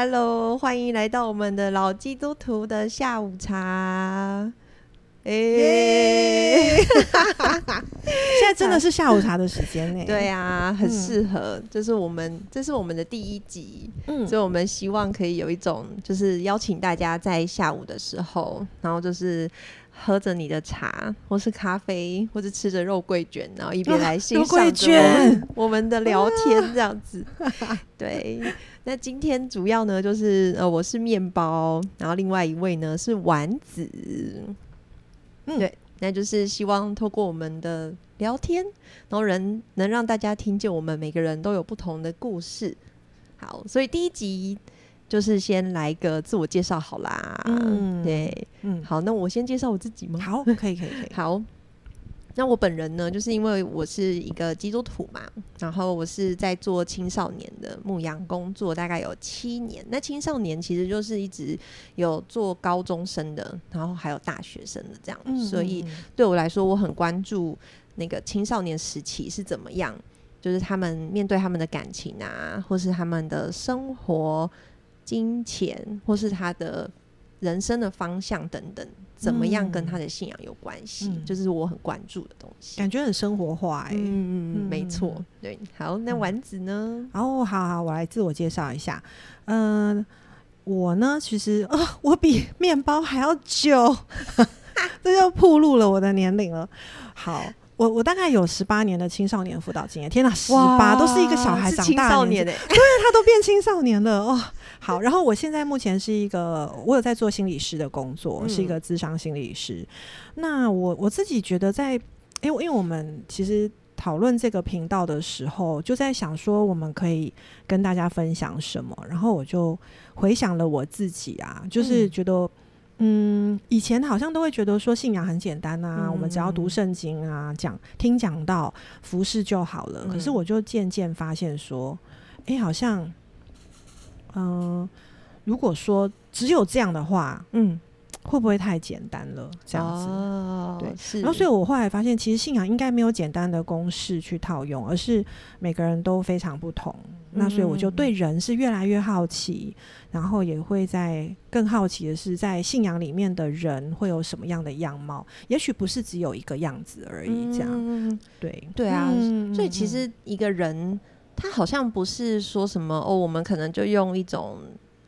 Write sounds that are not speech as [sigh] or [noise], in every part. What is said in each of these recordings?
Hello，歡迎來到我們的老基督徒的下午茶。哎，現在真的是下午茶的時間呢、欸。對啊，很適合。這、嗯、是我們這是我們的第一集，嗯、所以我們希望可以有一種，就是邀請大家在下午的時候，然後就是喝着你的茶，或是咖啡，或是吃着肉桂卷，然後一邊來欣賞著我們、啊、肉桂卷、我們的聊天，這樣子。啊、 [laughs] 對。那今天主要呢，就是呃，我是麵包，然後另外一位呢是丸子，嗯，對，那就是希望透過我們的聊天，然後能能讓大家聽見我們每個人都有不同的故事。好，所以第一集就是先來個自我介紹好啦，嗯，對，嗯，好，那我先介紹我自己嗎？好，可以，可以，可以，好。那我本人呢，就是因為我是一個基督徒嘛，然後我是在做青少年的牧養工作，大概有七年。那青少年其實就是一直有做高中生的，然後還有大學生的這樣，嗯嗯嗯。所以對我來說，我很關注那個青少年時期是怎麼樣，就是他們面對他們的感情啊，或是他們的生活、金錢，或是他的。人生的方向等等，怎麼樣跟他的信仰有關係？嗯、就是我很關注的東西。感覺很生活化哎、欸，嗯嗯嗯，嗯沒錯。對，好，那丸子呢？哦、嗯，好好，好，我來自我介紹一下。嗯、呃，我呢，其實啊、哦，我比麵包還要久， [laughs] 這就暴露了我的年齡了。好。我我大概有十八年的青少年輔導經驗，天哪，十八哇都是一個小孩長大的，的年紀，是青少年哎、欸，對，他都變青少年了哦。 [laughs] 好，然後我現在目前是一個，我有在做心理師的工作，是一個諮商心理師。嗯、那我我自己覺得，在，因、欸、為因為我們其實討論這個頻道的時候，就在想說我們可以跟大家分享什麼，然後我就回想了我自己啊，就是覺得。嗯嗯，以前好像都會覺得說信仰很簡單啊，嗯、我們只要讀聖經啊，講、嗯、聽講道服侍就好了。嗯、可是我就漸漸發現說，哎、欸，好像，嗯、呃，如果說只有這樣的話，嗯。會不會太簡單了？這樣子，oh, 對，是然後，所以我後來發現，其實信仰應該沒有簡單的公式去套用，而是每個人都非常不同。那所以我就對人是越來越好奇，嗯、然後也會再更好奇的是，在信仰裡面的人會有什麼樣的樣貌？也許不是只有一個樣子而已，這樣。嗯、對，對啊、嗯。所以其實一個人，他好像不是說什麼哦，我們可能就用一種。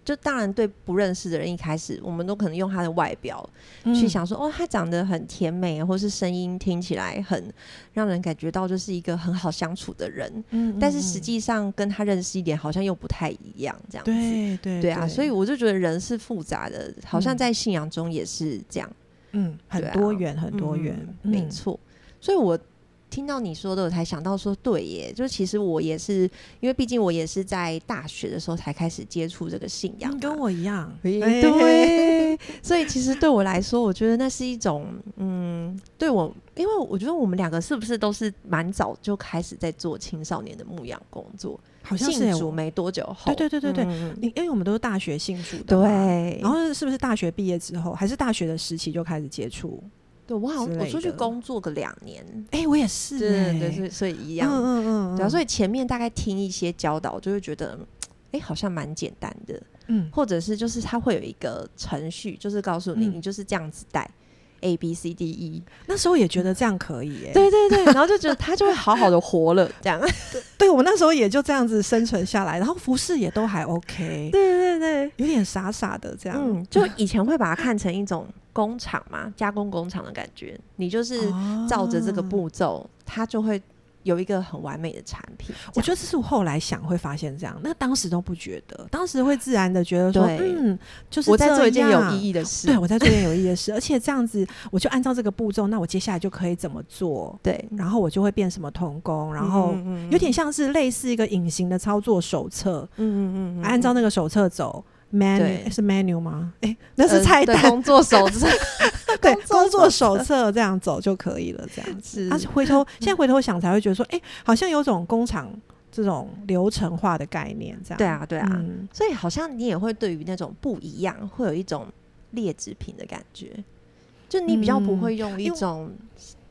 就當然對不認識的人，一開始我們都可能用他的外表去想說，嗯、哦，他長得很甜美，或是聲音聽起來很讓人感覺到就是一個很好相處的人。嗯嗯、但是實際上跟他認識一點，好像又不太一樣，這樣子。對對對,對啊，所以我就覺得人是複雜的，好像在信仰中也是這樣。嗯，啊、很多元很多元，嗯嗯、沒錯。所以我。聽到你說的，我才想到說，對耶，就是其實我也是，因為畢竟我也是在大學的時候才開始接觸這個信仰、啊嗯，跟我一樣，嘿嘿嘿對， [laughs] 所以其實對我來說，我覺得那是一種， [laughs] 嗯，對我，因為我覺得我們兩個是不是都是蠻早就開始在做青少年的牧養工作？好像是、欸、信主沒多久，對對對對對嗯嗯，因為我們都是大學信主的，對，然後是不是大學畢業之後，還是大學的時期就開始接觸？我好像，我出去工作個兩年，哎、欸，我也是、欸，對，對對，所以所以一樣，嗯嗯，嗯，嗯對、啊，所以前面大概聽一些教導，我就會覺得，哎、欸，好像蠻簡單的，嗯，或者是就是他會有一個程序，就是告訴你，嗯、你就是這樣子帶。A B C D E，那時候也覺得這樣可以，欸，耶，對對對，然後就覺得他就會好好的活了， [laughs] 這樣， [laughs] 對，我們那時候也就這樣子生存下來，然後服侍也都還 OK， [laughs] 對，對對對，有點傻傻的這樣，嗯，就以前會把它看成一種工廠嘛， [laughs] 加工工廠的感覺，你就是照着這個步驟，它，哦，就會。有一個很完美的產品，我覺得這是我後來想會發現這樣，那當時都不覺得，當時會自然的覺得說，對嗯，就是這樣我在做一件有意義的事，對，我在做一件有意義的事， [laughs] 而且這樣子，我就按照這個步驟，那我接下來就可以怎麼做？對，然後我就會變什麼同工，然後有點像是類似一個隱形的操作手冊，嗯哼嗯嗯，按照那個手冊走，menu 對是 menu 嗎？哎、欸，那是菜單、呃、工作手冊。 [laughs] 對，工作手冊這樣走就可以了，這樣子。啊，回頭現在回頭想才會覺得說，哎，好像有種工廠這種流程化的概念，這樣。對啊，對啊。所以好像你也會對於那種不一樣，會有一種劣質品的感覺。就你比較不會用一種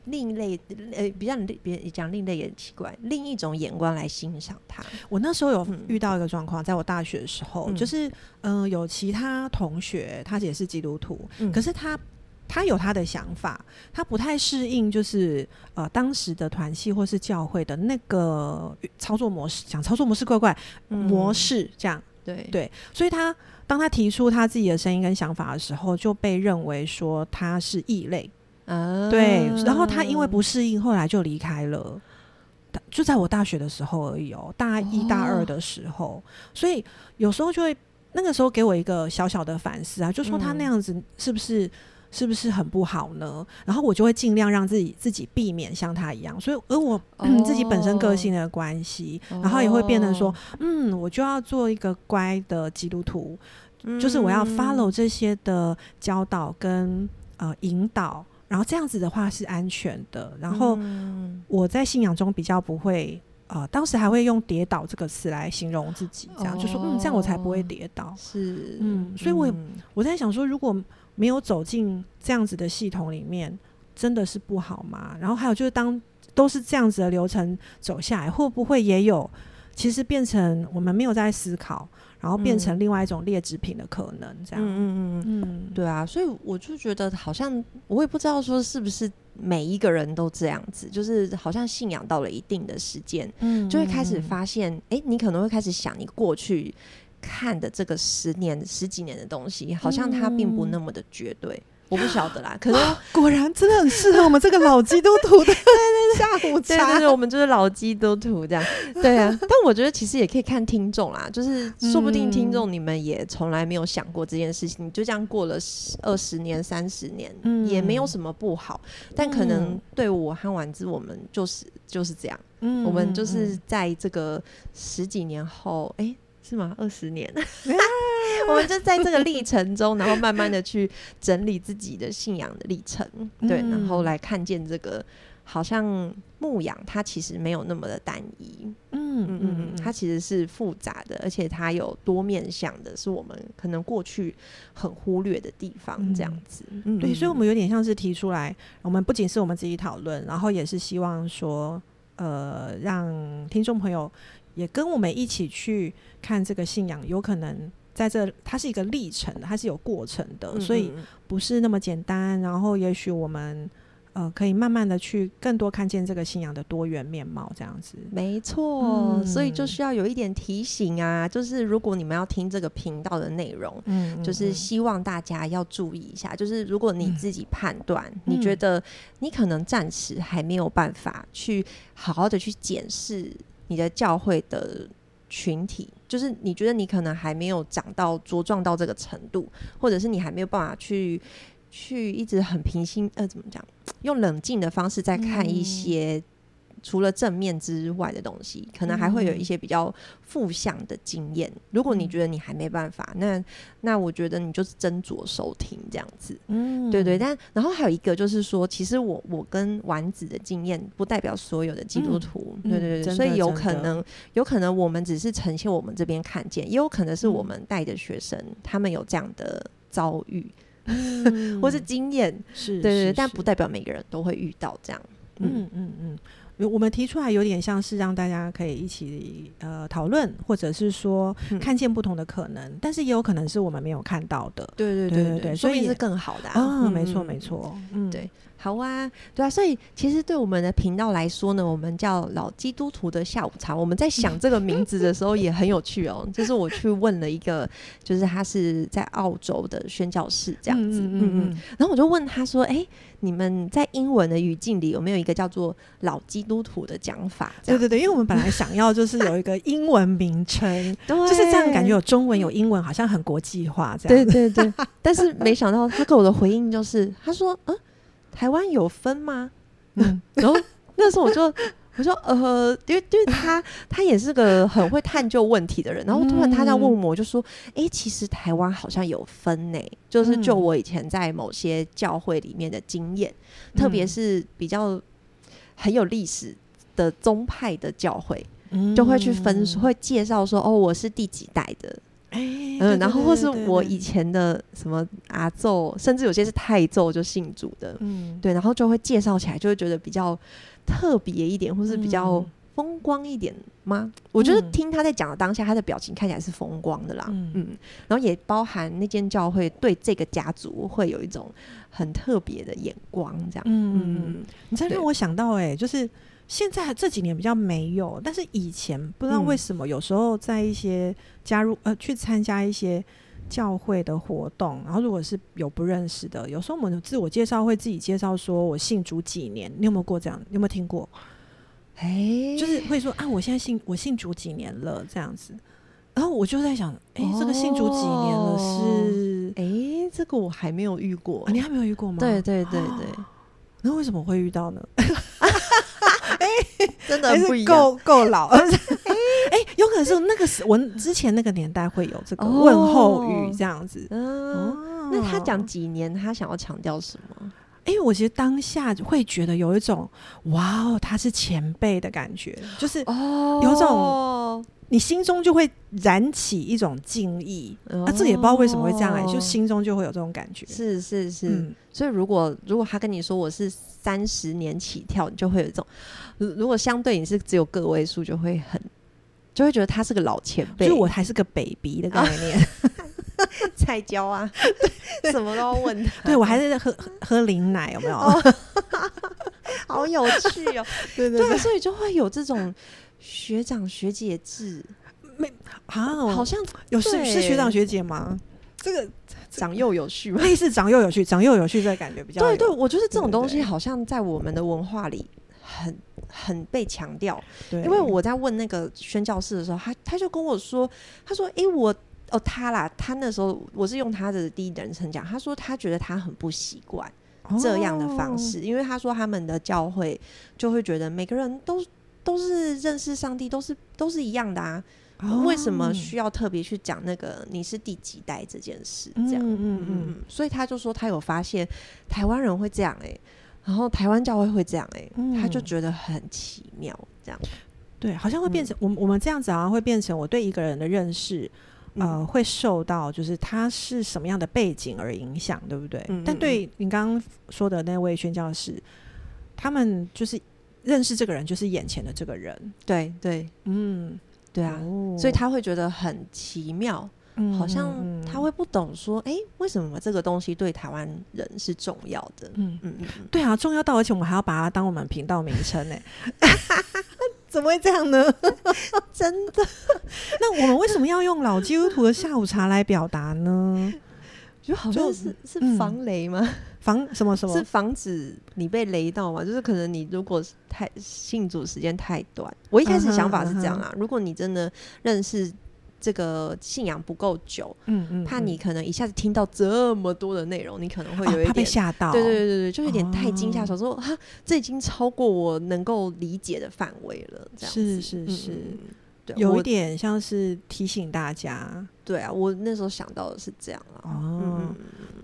另類，呃，比較你別講另類也很奇怪，另一種眼光來欣賞他。我那時候有遇到一個狀況，在我大學的時候，就是嗯，有其他同學他也是基督徒，可是他。他有他的想法，他不太適應，就是呃當時的團契或是教會的那個操作模式，講操作模式怪怪、嗯、模式這樣，對對，所以他當他提出他自己的聲音跟想法的時候，就被認為說他是異類，啊、對，然後他因為不適應，後來就離開了，就在我大學的時候而已哦、喔，大一大二的時候，哦、所以有時候就會那個時候給我一個小小的反思啊，就說他那樣子是不是是不是很不好呢？然後我就會盡量讓自己自己避免像他一樣，所以而我、oh. 自己本身個性的關係，oh. 然後也會變成說，嗯，我就要做一個乖的基督徒，mm. 就是我要 follow 這些的教導跟呃引導，然後這樣子的話是安全的。然後我在信仰中比較不會呃，當時還會用“跌倒”這個詞來形容自己，這樣、oh. 就說，嗯，這樣我才不會跌倒。是，嗯，所以我、mm. 我在想說，如果。沒有走進這樣子的系統裡面，真的是不好嗎？然後還有就是當，當都是這樣子的流程走下來，會不會也有其實變成我們沒有在思考，然後變成另外一種劣質品的可能？嗯、這樣，嗯嗯嗯嗯，對啊，所以我就覺得好像我也不知道說是不是每一個人都這樣子，就是好像信仰到了一定的時間，嗯，就會開始發現，哎、欸，你可能會開始想你過去。看的這個十年、十幾年的東西，好像它並不那麼的絕對。嗯、我不曉得啦，可是、啊、果然真的很適合我們這個老基督徒的。對對對，下午茶，對，我們就是老基督徒這樣。 [laughs] 對啊，但我覺得其實也可以看聽眾啦。就是說不定聽眾你們也從來沒有想過這件事情，嗯、就這樣過了二十年、三十年，嗯、也沒有什麼不好。但可能對我和丸子，我們就是就是這樣。嗯，嗯，嗯，我們就是在這個十幾年後，哎、欸。是嗎？二十年， [laughs] 我們就在這個歷程中，然後慢慢的去整理自己的信仰的歷程， [laughs] 對，然後來看見這個，好像牧養，它其實沒有那麼的單一，嗯嗯 [laughs] 嗯，嗯嗯它其實是複雜的，而且它有多面向的，是我們可能過去很忽略的地方，這樣子、嗯，對，所以我們有點像是提出來，我們不僅是我們自己討論，然後也是希望說，呃，讓聽眾朋友也跟我們一起去。看這個信仰，有可能在這，它是一個歷程的，它是有過程的，嗯嗯，所以不是那麼簡單。然後，也許我們呃可以慢慢的去更多看見這個信仰的多元面貌，這樣子。沒錯錯，嗯、所以就需要有一點提醒啊，就是如果你們要聽這個頻道的內容，嗯嗯嗯，就是希望大家要注意一下，就是如果你自己判斷，嗯、你覺得你可能暫時還沒有辦法去好好的去檢視你的教會的。群體就是，你覺得你可能還沒有長到茁壯到這個程度，或者是你還沒有辦法去去一直很平心呃，怎麼講，用冷靜的方式在看一些，除了正面之外的東西，可能還會有一些比較負向的經驗。如果你覺得你還沒辦法，那那我覺得你就是斟酌收聽這樣子。嗯，對對。但然後還有一個就是說，其實我我跟丸子的經驗不代表所有的基督徒。對對對，所以有可能有可能我們只是呈現我們這邊看見，也有可能是我們帶的學生，他們有這樣的遭遇或是經驗。是，對對對，但不代表每個人都會遇到這樣。嗯嗯嗯。我們提出來有點像是讓大家可以一起呃討論，或者是說看見不同的可能，嗯、但是也有可能是我們沒有看到的。對對對對對，所以，所以是更好的啊，沒錯沒錯，嗯對。好啊，對啊，所以其實對我們的頻道來說呢，我們叫“老基督徒的下午茶”。我們在想這個名字的時候也很有趣哦。 [laughs] 就是我去問了一個，就是他是在澳洲的宣教士這樣子，嗯嗯嗯嗯。然後我就問他說：“欸，你們在英文的語境裡有沒有一個叫做‘老基督徒’的講法？”對對對，因為我們本來想要就是有一個英文名稱， [laughs] 就是這樣感覺有中文有英文，好像很國際化這樣。對對對， [laughs] 但是沒想到他給我的回應就是，他說：“嗯。”台灣有分嗎？嗯、 [laughs] 然後那時候我就我說呃，因為因為他他也是個很會探究問題的人，然後突然他這樣問我，我就說哎、嗯，欸，其實台灣好像有分誒、欸，就是就我以前在某些教會裡面的經驗，嗯、特別是比較很有歷史的宗派的教會，嗯、就會去分，會介紹說哦，我是第幾代的。嗯，然後或是我以前的什麼阿祖，甚至有些是太祖就信主的，嗯，對，然後就會介紹起來，就會覺得比較特別一點，或是比較風光一點嗎？嗯、我覺得聽他在講的當下，他的表情看起來是風光的啦，嗯，嗯，然後也包含那間教會對這個家族會有一種很特別的眼光，這樣，嗯，嗯對你才讓我想到、欸，哎，就是。現在這幾年比較沒有，但是以前不知道為什麼，有時候在一些加入、嗯、呃去參加一些教會的活動，然後如果是有不認識的，有時候我們自我介紹會自己介紹說：“我信主幾年。”你有沒有過這樣？你有沒有聽過？欸、就是會說啊，我現在信我信主幾年了這樣子。然後我就在想，哎、欸，這個信主幾年了，是，哎、哦，欸、這個我還沒有遇過。啊、你還沒有遇過嗎？對對對對、哦，那為什麼會遇到呢？ [laughs] [laughs] 還、欸、是夠夠老，哎、 [laughs] 欸，欸、有可能是那個時，欸、我之前那個年代會有這個問候語這樣子。哦嗯哦、那他講幾年？他想要強調什麼？因為、欸、我覺得當下會覺得有一種哇哦，他是前輩的感覺，就是哦，有種你心中就會燃起一種敬意。那、哦啊、這也不知道為什麼會這樣哎、欸，就心中就會有這種感覺。是是是，嗯、所以如果如果他跟你說我是三十年起跳，你就會有一種；如果相對你是只有個位數，就會很就會覺得他是個老前輩，就我還是個 baby 的概念。哦 [laughs] 菜椒啊，什麼都要問。他。對，我還在喝喝零奶有沒有？好有趣哦！對對，所以就會有這種學長學姐制。沒啊，好像有是是學長學姐嗎？這個長幼有序，類似長幼有序，長幼有序這感覺比較。對對，我覺得這種東西好像在我們的文化裡很很被強調。因為我在問那個宣教士的時候，他他就跟我說，他說：“哎，我。”哦，他啦，他那時候我是用他的第一人稱講，他說他覺得他很不習慣這樣的方式，哦、因為他說他們的教會就會覺得每個人都都是認識上帝，都是都是一樣的啊，哦、為什麼需要特別去講那個你是第幾代這件事？這樣，嗯嗯嗯，嗯，嗯，所以他就說他有發現台灣人會這樣誒、欸，然後台灣教會會這樣誒、欸，嗯、他就覺得很奇妙這樣，嗯、對，好像會變成我們、嗯、我們這樣子好像會變成我對一個人的認識。呃，會受到就是他是什麼樣的背景而影響，對不對？嗯嗯嗯，但對你剛剛說的那位宣教士，他們就是認識這個人，就是眼前的這個人。對對，對嗯，對啊，哦、所以他會覺得很奇妙，嗯嗯好像他會不懂說，哎、欸，為什麼這個東西對台灣人是重要的？嗯嗯，嗯對啊，重要到而且我們還要把它當我們頻道名稱呢、欸。 [laughs] 怎麼會這樣呢？ [laughs] 真的？ [laughs] 那我們為什麼要用老基督徒的下午茶來表達呢？ [laughs] 就好像是就是，是防雷嗎？嗯？防什麼什麼？是防止你被雷到嗎？就是可能你如果太信主時間太短，我一開始想法是這樣啊。Uh huh, uh huh. 如果你真的認識。這個信仰不夠久，嗯，嗯，嗯，怕你可能一下子聽到這麼多的內容，你可能會有一點、啊、怕被嚇到，對對對對，就有點太驚嚇，哦、說哈，這已經超過我能夠理解的範圍了，這樣子是是是，有一點我像是提醒大家，對啊，我那時候想到的是這樣啊，哦，嗯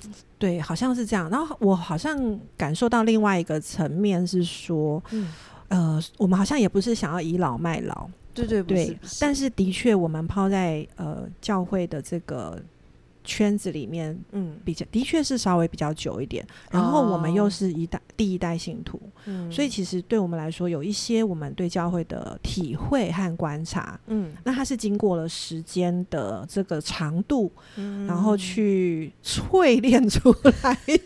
嗯對，好像是這樣，然後我好像感受到另外一個層面是說，嗯呃，我們好像也不是想要倚老賣老。對對對，但是的確，我們泡在呃教會的這個圈子裡面，嗯，比較的確是稍微比較久一點，嗯、然後我們又是一代第一代信徒，哦、嗯，所以其實對我們來說，有一些我們對教會的體會和觀察，嗯，那它是經過了時間的這個長度，嗯、然後去淬煉出來的。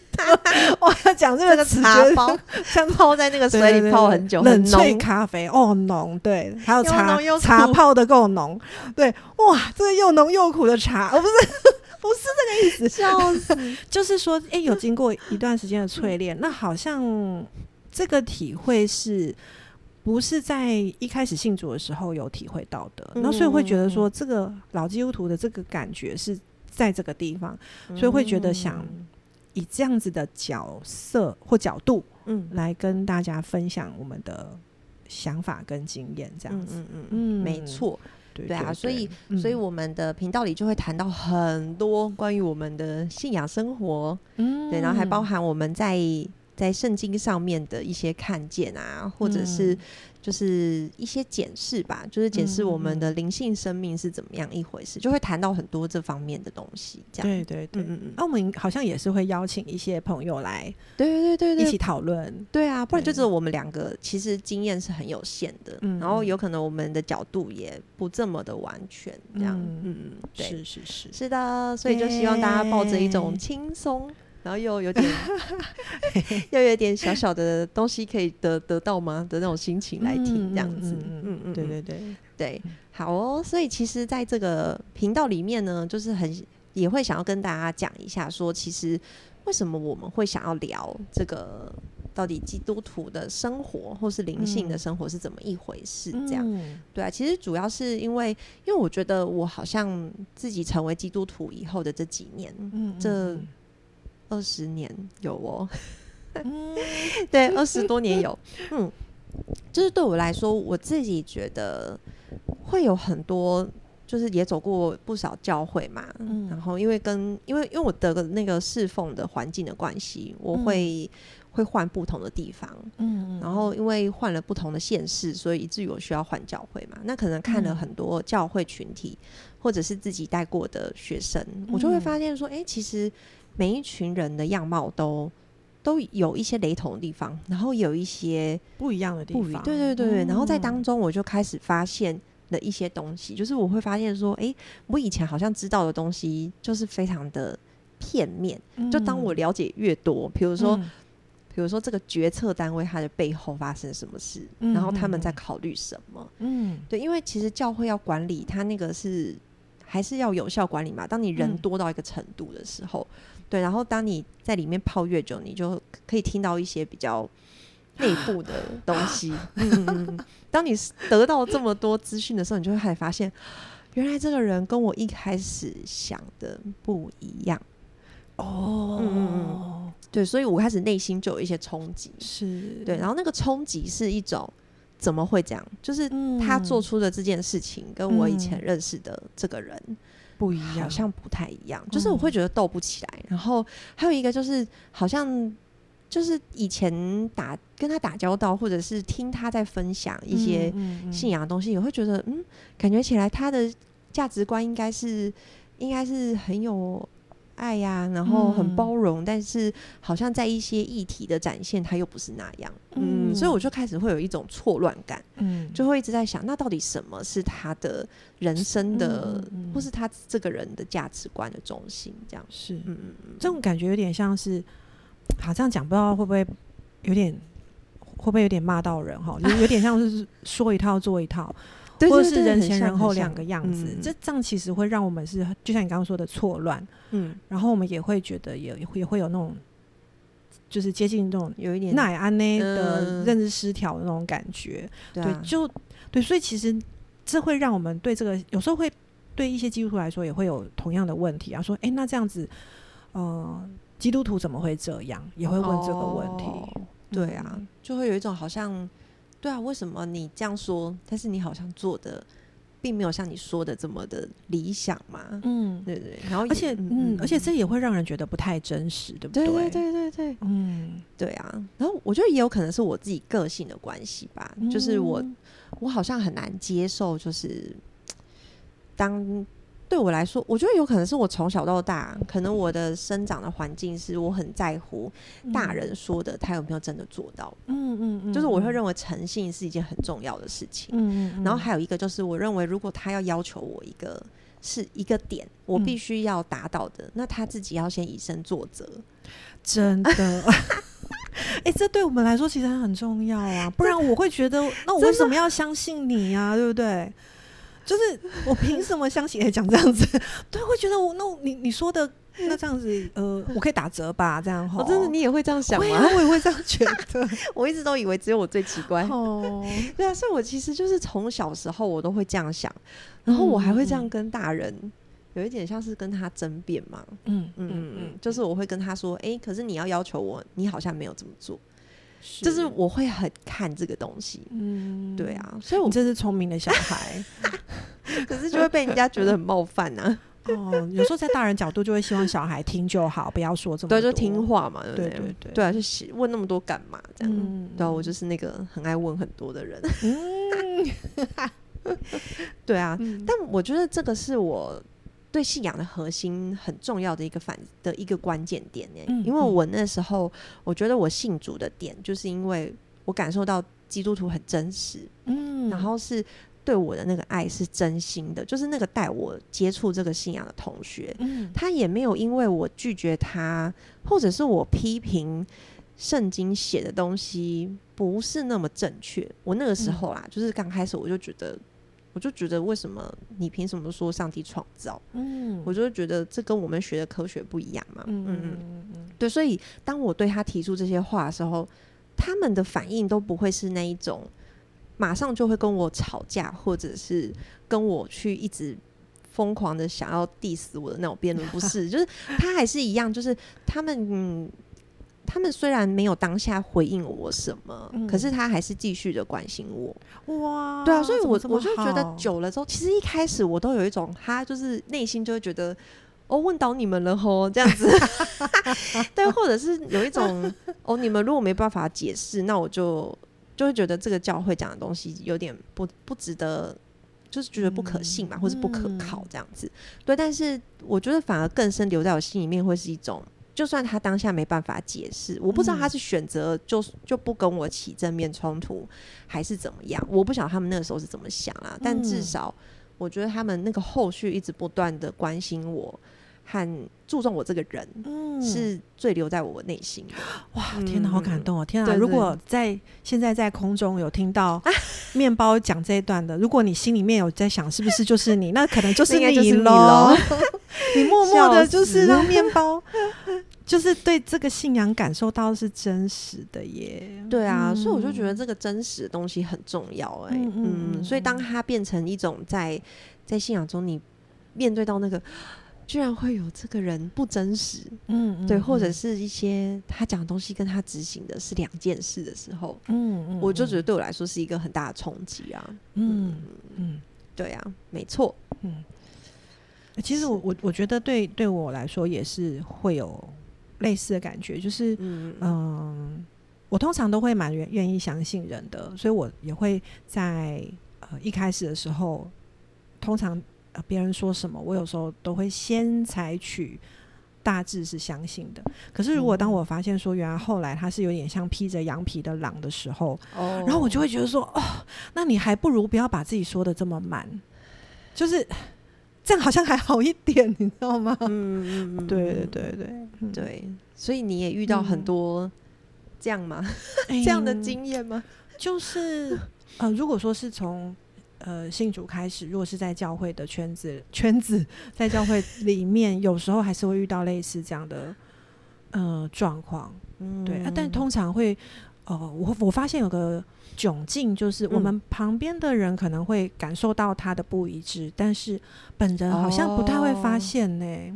我要講這個茶包，像泡在那個水裡泡很久，冷萃咖啡哦，濃，對，還有茶又又茶泡得夠濃，對，哇，這個又濃又苦的茶，哦不是。不是這個意思，是 [laughs] [laughs] 就是說，哎、欸，有經過一段時間的淬煉， [laughs] 那好像這個體會是不是在一開始信主的時候有體會到的？那、嗯嗯嗯、所以會覺得說，這個老基督徒的這個感覺是在這個地方，所以會覺得想以這樣子的角色或角度，嗯，來跟大家分享我們的想法跟經驗，這樣子，嗯，沒錯。對，對啊，對不對，所以、嗯、所以我們的頻道裡就會談到很多關於我們的信仰生活，嗯，對，然後還包含我們在在聖經上面的一些看見啊，或者是，嗯就是一些解釋吧，就是解釋我們的靈性生命是怎麼樣一回事，嗯嗯，就會談到很多這方面的東西。這樣對對對嗯嗯，那、嗯啊、我們好像也是會邀請一些朋友來，對對對一起討論。對啊，不然對就只有我們兩個，其實經驗是很有限的，嗯嗯，然後有可能我們的角度也不這麼的完全這樣。嗯嗯嗯，對，是是是是的，所以就希望大家抱着一種輕鬆。然後又有點， [laughs] [laughs] 又有點小小的東西可以得得到嗎的那種心情來聽、嗯、這樣子，嗯嗯，嗯對對對對，好哦。所以其實在這個頻道裡面呢，就是很也會想要跟大家講一下說，說其實為什麼我們會想要聊這個到底基督徒的生活或是靈性的生活是怎麼一回事？嗯、這樣對啊，其實主要是因為，因為我覺得我好像自己成為基督徒以後的這幾年，嗯、這。二十年有哦， [laughs] 對，二十 [laughs] 多年有，嗯，就是對我來說，我自己覺得會有很多，就是也走過不少教會嘛，嗯、然後因為跟因為因為我的那個侍奉的環境的關係，我會、嗯、會換不同的地方，嗯，然後因為換了不同的縣市，所以以至於我需要換教會嘛，那可能看了很多教會群體，嗯、或者是自己帶過的學生，嗯、我就會發現說，哎、欸，其實。每一群人的樣貌都都有一些雷同的地方，然後有一些不一樣的地方。對對對、嗯、然後在當中，我就開始發現了一些東西，就是我會發現說，哎、欸，我以前好像知道的東西就是非常的片面。嗯、就當我了解越多，比如說，嗯、比如說這個決策單位它的背後發生什麼事，嗯、然後他們在考慮什麼，嗯，對，因為其實教會要管理，它那個是還是要有效管理嘛。當你人多到一個程度的時候。對，然後當你在裡面泡越久，你就可以聽到一些比較內部的東西。 [laughs] 嗯，當你得到這麼多資訊的時候，你就會還發現，原來這個人跟我一開始想的不一樣。哦，嗯，對，所以我開始內心就有一些衝擊。是對，然後那個衝擊是一種怎麼會這樣？就是他做出的這件事情，跟我以前認識的這個人。嗯不一樣，好像不太一樣。就是我會覺得鬥不起來，哦、然後還有一個就是，好像就是以前打跟他打交道，或者是聽他在分享一些信仰的東西，也、嗯嗯嗯、會覺得，嗯，感覺起來他的價值觀應該是，應該是很有。愛呀、啊，然後很包容，嗯、但是好像在一些議題的展現，他又不是那樣，嗯，嗯，所以我就開始會有一種錯亂感，嗯，就會一直在想，那到底什麼是他的人生的，嗯嗯，或是他這個人的價值觀的中心？這樣是，嗯嗯嗯，這種感覺有點像是，好、啊，這樣講不知道會不會有點，會不會有點罵到人哈？ [laughs] 就有點像是說一套做一套。對對對對，或者是人前人後兩個樣子，很像很像嗯、這樣其實會讓我們是就像你剛剛說的錯亂，嗯，然後我們也會覺得也也會有那種，就是接近那種有一點奶安內的認知失調的那種感覺，呃、對，就對，所以其實這會讓我們對這個有時候會對一些基督徒來說也會有同樣的問題、啊，要說誒、欸，那這樣子，嗯、呃，基督徒怎麼會這樣？也會問這個問題，哦、對啊，就會有一種好像。對啊，為什麼你這樣說？但是你好像做的並沒有像你說的這麼的理想嘛？嗯，對,對對，然後而且嗯,嗯，而且這也會讓人覺得不太真實，嗯嗯對不對？對對對對對，嗯，對啊。然後我覺得也有可能是我自己個性的關係吧，嗯、就是我我好像很難接受，就是當。對我來說，我覺得有可能是我從小到大，可能我的生長的環境是我很在乎大人說的、嗯、他有沒有真的做到的嗯。嗯嗯，就是我會認為誠信是一件很重要的事情。嗯，嗯然後還有一個就是我認為，如果他要要求我一個是一個點，我必須要達到的，嗯、那他自己要先以身作則。真的，哎、 [laughs] 欸，這對我們來說其實很重要啊，不然我會覺得，那我為什麼要相信你呀、啊？對不對？就是我憑什麼相信你講這樣子？ [laughs] 對，會覺得我那我你你說的那這樣子，呃， [laughs] 我可以打折吧？這樣，好，我真的，你也會這樣想嗎？我也會這樣覺得。 [laughs] [laughs] 我一直都以為只有我最奇怪。哦、 [laughs] 對啊，所以我其實就是從小時候我都會這樣想，然後我還會這樣跟大人、嗯、有一點像是跟他爭辯嘛。嗯嗯嗯，就是我會跟他說，哎、嗯欸，可是你要要求我，你好像沒有這麼做。就是我會很看這個東西，嗯是，對啊，所以我們這是聰明的小孩， [laughs] [laughs] 可是就會被人家覺得很冒犯呢、啊。哦，有時候在大人角度就會希望小孩聽就好，不要說這麼多，對就聽話嘛。對不對，對，對對，對、啊，就問那麼多幹嘛？這樣，嗯、對、啊，我就是那個很愛問很多的人。嗯， [laughs] 對啊，嗯、但我覺得這個是我。對信仰的核心很重要的一個反的一個關鍵點，嗯、因為我那時候我覺得我信主的點，就是因為我感受到基督徒很真實，嗯，然後是對我的那個愛是真心的，就是那個帶我接觸這個信仰的同學，嗯、他也沒有因為我拒絕他，或者是我批評聖經寫的東西不是那麼正確，我那個時候啦，嗯、就是剛開始我就覺得。我就覺得，為什麼你憑什麼說上帝創造？嗯，我就會覺得這跟我們學的科學不一樣嘛。嗯嗯嗯嗯，對。所以當我對他提出這些話的時候，他們的反應都不會是那一種，馬上就會跟我吵架，或者是跟我去一直瘋狂的想要 diss 我的那種辯論。不是，就是他還是一樣，就是他們。嗯他們雖然沒有當下回應我什麼，嗯、可是他還是繼續的關心我。哇，對啊，所以我，我我就覺得久了之後，其實一開始我都有一種，他就是內心就會覺得，哦，問到你們了吼，這樣子。 [laughs] [laughs] [laughs] 對，或者是有一種，哦，你們如果沒辦法解釋， [laughs] 那我就就會覺得這個教會講的東西有點不不值得，就是覺得不可信嘛，嗯、或是不可靠這樣子。對，但是我覺得反而更深留在我心裡面，會是一種。就算他當下沒辦法解釋，我不知道他是選擇就就不跟我起正面衝突，還是怎麼樣。我不曉得他們那個時候是怎麼想啊，但至少我覺得他們那個後續一直不斷的關心我和注重我這個人，是最留在我內心。哇，天哪，好感動哦！天哪，如果在現在在空中有聽到面包講這一段的，如果你心裡面有在想是不是就是你，那可能就是你嘍。你默默的就是讓面包，就是對這個信仰感受到是真實的耶，對啊，嗯、所以我就覺得這個真實的東西很重要哎、欸，嗯，嗯，所以當他變成一種在在信仰中，你面對到那個居然會有這個人不真實，嗯，對，嗯、或者是一些他講的東西跟他執行的是兩件事的時候，嗯，嗯，我就覺得對我來說是一個很大的衝擊啊，嗯嗯，嗯對啊，沒錯，嗯，其實我我我覺得對對我來說也是會有。類似的感覺，就是嗯，嗯、呃，我通常都會蠻願意相信人的，所以我也會在呃一開始的時候，通常、呃、別人說什麼，我有時候都會先採取大致是相信的。可是如果當我發現說原來後來他是有點像披着羊皮的狼的時候，哦、然後我就會覺得說，哦，那你還不如不要把自己說得這麼滿，就是。這樣好像還好一點，你知道嗎？嗯對對對對、嗯、對，所以你也遇到很多這樣嗎？嗯、 [laughs] 這樣的經驗嗎、嗯？就是呃，如果說是從呃信主開始，如果是在教會的圈子圈子，在教會裡面， [laughs] 有時候還是會遇到類似這樣的呃狀況。嗯，對、啊，但通常會呃，我我發現有個。窘境就是，我們旁邊的人可能會感受到他的不一致，嗯、但是本人好像不太會發現呢、欸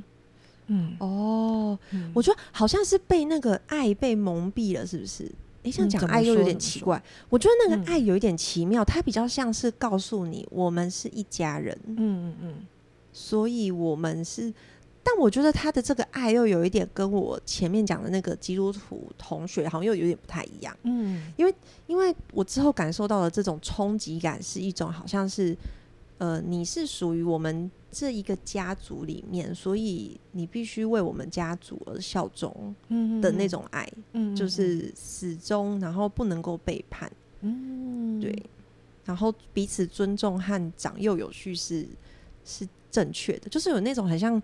哦。嗯，哦，我覺得好像是被那個愛被蒙蔽了，是不是？欸，想講愛又有點奇怪。嗯、怎麼說、怎麼說我覺得那個愛有一點奇妙，嗯、它比較像是告訴你我們是一家人。嗯嗯嗯，嗯嗯所以我們是。但我覺得他的這個愛又有一點跟我前面講的那個基督徒同學好像又有點不太一樣，嗯，因為因為我之後感受到的這種衝擊感是一種好像是，呃，你是屬於我們這一個家族裡面，所以你必須為我們家族而效忠，嗯的那種愛，嗯哼，就是死忠然後不能夠背叛，嗯哼，對，然後彼此尊重和長幼有序是是正確的，就是有那種很像。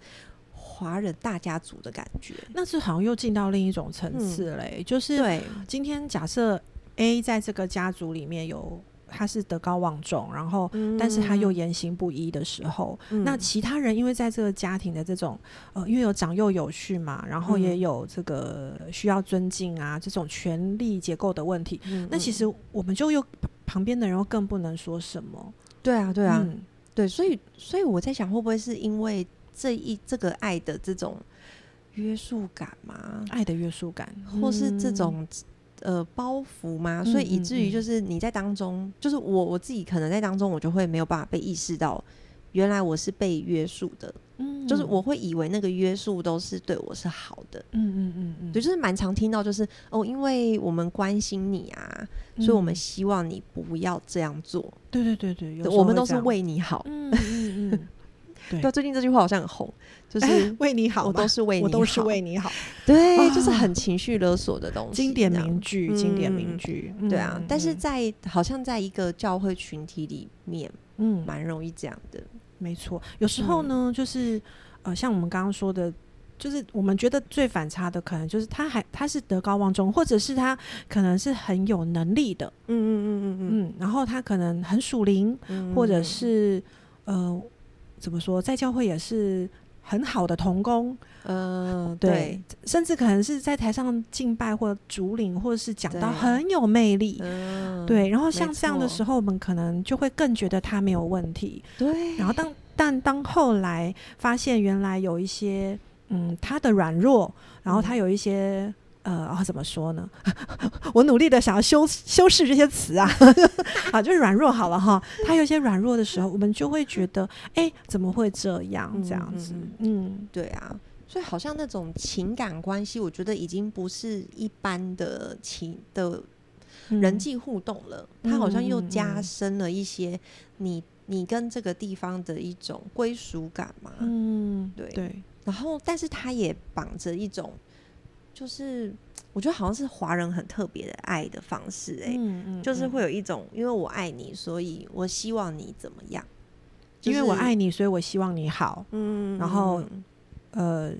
華人大家族的感覺，那是好像又進到另一種層次嘞、欸。嗯、就是今天假設 A 在這個家族裡面有他是德高望重，然後但是他又言行不一的時候，嗯、那其他人因為在這個家庭的這種呃，因為有長幼有序嘛，然後也有這個需要尊敬啊，這種權力結構的問題，嗯嗯那其實我們就又旁邊的人又更不能說什麼。對啊，對啊、嗯，對，所以所以我在想，會不會是因為？這一這個愛的這種約束感嗎？愛的約束感，或是這種、嗯、呃包袱嗎？嗯、所以以至於就是你在當中，嗯、就是我我自己可能在當中，我就會沒有辦法被意識到，原來我是被約束的，嗯，就是我會以為那個約束都是對我是好的，嗯嗯嗯嗯，嗯嗯嗯就，就是蠻常聽到就是哦，因為我們關心你啊，嗯、所以我們希望你不要這樣做，對對對對，我們都是為你好，嗯嗯嗯 [laughs] 對，最近這句話好像很紅，就是、欸、為你好，我都是為你好，我都是為你好。對，就是很情緒勒索的東西，經典名句，嗯、經典名句。嗯、對啊，嗯嗯、但是在好像在一個教會群體裡面，嗯，蠻容易這樣的。沒錯，有時候呢，就是呃，像我們剛剛說的，就是我們覺得最反差的，可能就是他還他是德高望重，或者是他可能是很有能力的，嗯嗯嗯嗯嗯，然後他可能很屬靈，嗯、或者是呃。怎麼說，在教會也是很好的同工，嗯，對，對，甚至可能是在台上敬拜或主領，或者是講道很有魅力，對，嗯、對。然後像這樣的時候，沒錯。我們可能就會更覺得他沒有問題。對。然後當但，但當後來發現，原來有一些嗯，他的軟弱，然後他有一些。嗯呃，後、哦、怎麼說呢？ [laughs] 我努力的想要修修飾這些詞啊，啊， [laughs] 就是軟弱好了哈。他 [laughs] 有些軟弱的時候， [laughs] 我們就會覺得，哎、欸，怎麼會這樣？這樣子嗯嗯，嗯，對啊。所以好像那種情感關係，我覺得已經不是一般的情的人際互動了。嗯、它好像又加深了一些你、嗯、你跟這個地方的一種歸屬感嘛。嗯，對。對然後，但是它也綁着一種。就是我覺得好像是華人很特別的愛的方式哎、欸，嗯嗯、就是會有一種，嗯、因為我愛你，所以我希望你怎麼樣？就是、因為我愛你，所以我希望你好。嗯，然後、嗯、呃，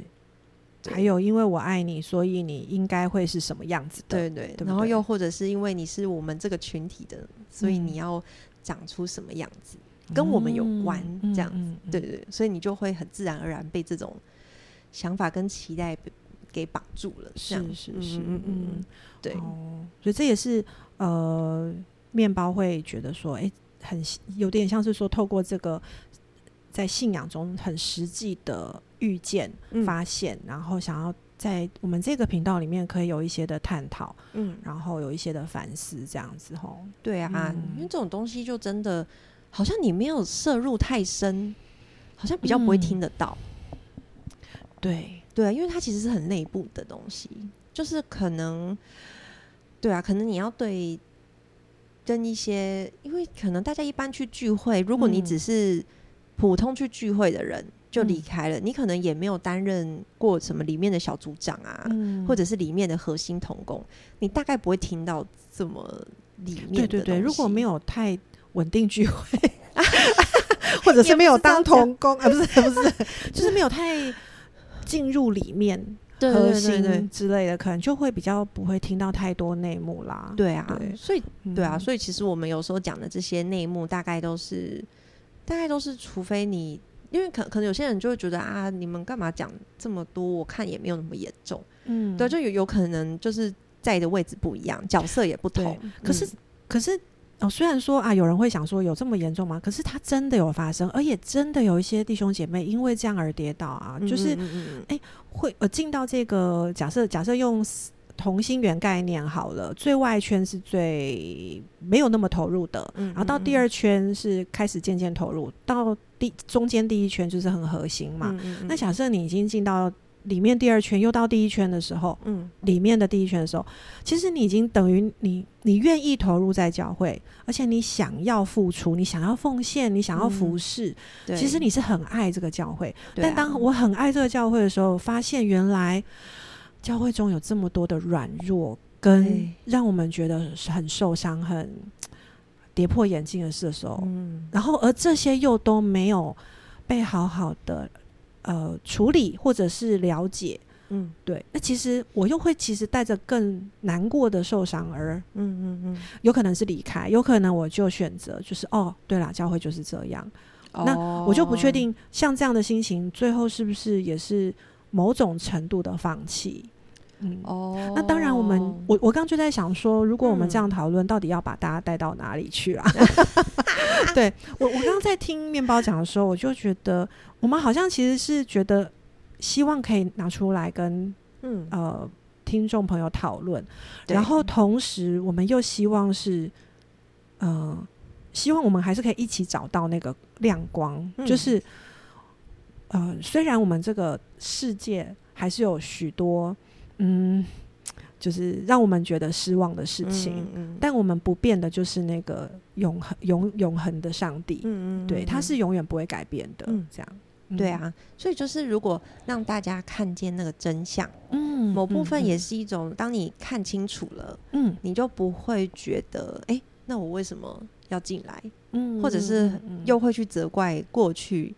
對還有，因為我愛你，所以你應該會是什麼樣子的？對，對對，對對，然後又或者是因為你是我們這個群體的，所以你要長出什麼樣子，嗯、跟我們有關這樣子？嗯、對，對對，所以你就會很自然而然被這種想法跟期待給綁住了，是是是，嗯，嗯，嗯，對，所以這也是呃，麵包會覺得說，哎、欸，很有點像是說，透過這個在信仰中很實際的遇見、嗯、發現，然後想要在我們這個頻道裡面可以有一些的探討，嗯，然後有一些的反思，這樣子哦，對啊，嗯、因為這種東西就真的好像你沒有涉入太深，好像比較不會聽得到，嗯、對。對，因為它其實是很內部的東西，就是可能，對啊，可能你要對跟一些，因為可能大家一般去聚會，如果你只是普通去聚會的人、嗯、就離開了，你可能也沒有擔任過什麼裡面的小組長啊，嗯、或者是裡面的核心同工，你大概不會聽到這麼裡面對對對，如果沒有太穩定聚會， [laughs] [laughs] 或者是沒有當同工啊，不是不是，就是沒有太。 [laughs] 進入裡面核心之類的，對對對對，可能就會比較不會聽到太多內幕啦。對啊，對。對啊，所以對啊，所以其實我們有時候講的這些內幕大，大概都是大概都是，除非你因為可可能有些人就會覺得啊，你們幹嘛講這麼多？我看也沒有那麼嚴重。嗯，對，就有有可能就是在的位置不一樣，角色也不同。可是對可是。嗯，可是哦，雖然說啊，有人會想說有這麼嚴重嗎？可是它真的有發生，而也真的有一些弟兄姐妹因為這樣而跌倒啊，嗯嗯嗯就是誒、欸，會呃進到這個假設，假設用同心圓概念好了，最外圈是最沒有那麼投入的，然後到第二圈是開始漸漸投入，嗯嗯嗯到第中間第一圈就是很核心嘛，嗯嗯嗯那假設你已經進到。裡面第二圈又到第一圈的時候，嗯，裡面的第一圈的時候，其實你已經等於你，你願意投入在教會，而且你想要付出，你想要奉獻，你想要服侍，嗯、其實你是很愛這個教會。對但當我很愛這個教會的時候，發現原來教會中有這麼多的軟弱，跟讓我們覺得很受傷、很跌破眼鏡的事的時候，嗯，然後而這些又都沒有被好好的。呃，處理或者是了解，嗯，對，那其實我又會其實帶着更難過的受傷而，嗯嗯嗯，有可能是離開，有可能我就選擇就是哦，對啦，教會就是這樣，哦、那我就不確定，像這樣的心情，最後是不是也是某種程度的放棄？嗯哦，oh、那當然我，我們我我剛剛就在想說，如果我們這樣討論，嗯、到底要把大家帶到哪裡去啊？ [laughs] [laughs] 對我，我剛剛在聽面包講的時候，我就覺得，我們好像其實是覺得，希望可以拿出來跟嗯呃聽眾朋友討論，對然後同時我們又希望是，嗯、呃，希望我們還是可以一起找到那個亮光，嗯、就是，呃，雖然我們這個世界還是有許多。嗯，就是讓我們覺得失望的事情，嗯，嗯，但我們不變的就是那個永恆、永永恆的上帝。嗯，嗯，對，他是永遠不會改變的。嗯，這樣，對啊。所以就是，如果讓大家看見那個真相，嗯，某部分也是一種，當你看清楚了，嗯，嗯，你就不會覺得，哎，欸，那我為什麼要進來？嗯，或者是又會去責怪過去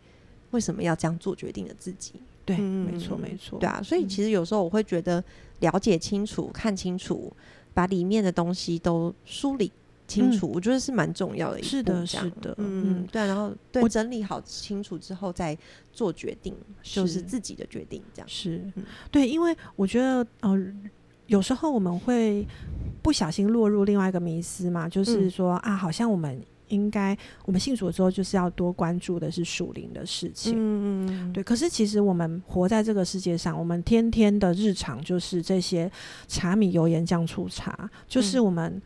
為什麼要這樣做決定的自己。對，沒錯，沒錯，對啊，所以其實有時候我會覺得，了解清楚、看清楚、把裡面的東西都梳理清楚，我覺得是蠻重要的。是的，是的，嗯，對。然後我整理好、清楚之後再做決定，就是自己的決定，這樣是。對，因為我覺得，嗯，有時候我們會不小心落入另外一個迷思嘛，就是說啊，好像我們。應該我們信主的時候，就是要多關注的是屬靈的事情。嗯嗯,嗯對。可是其實我們活在這個世界上，我們天天的日常就是這些柴米油鹽醬醋茶，就是我們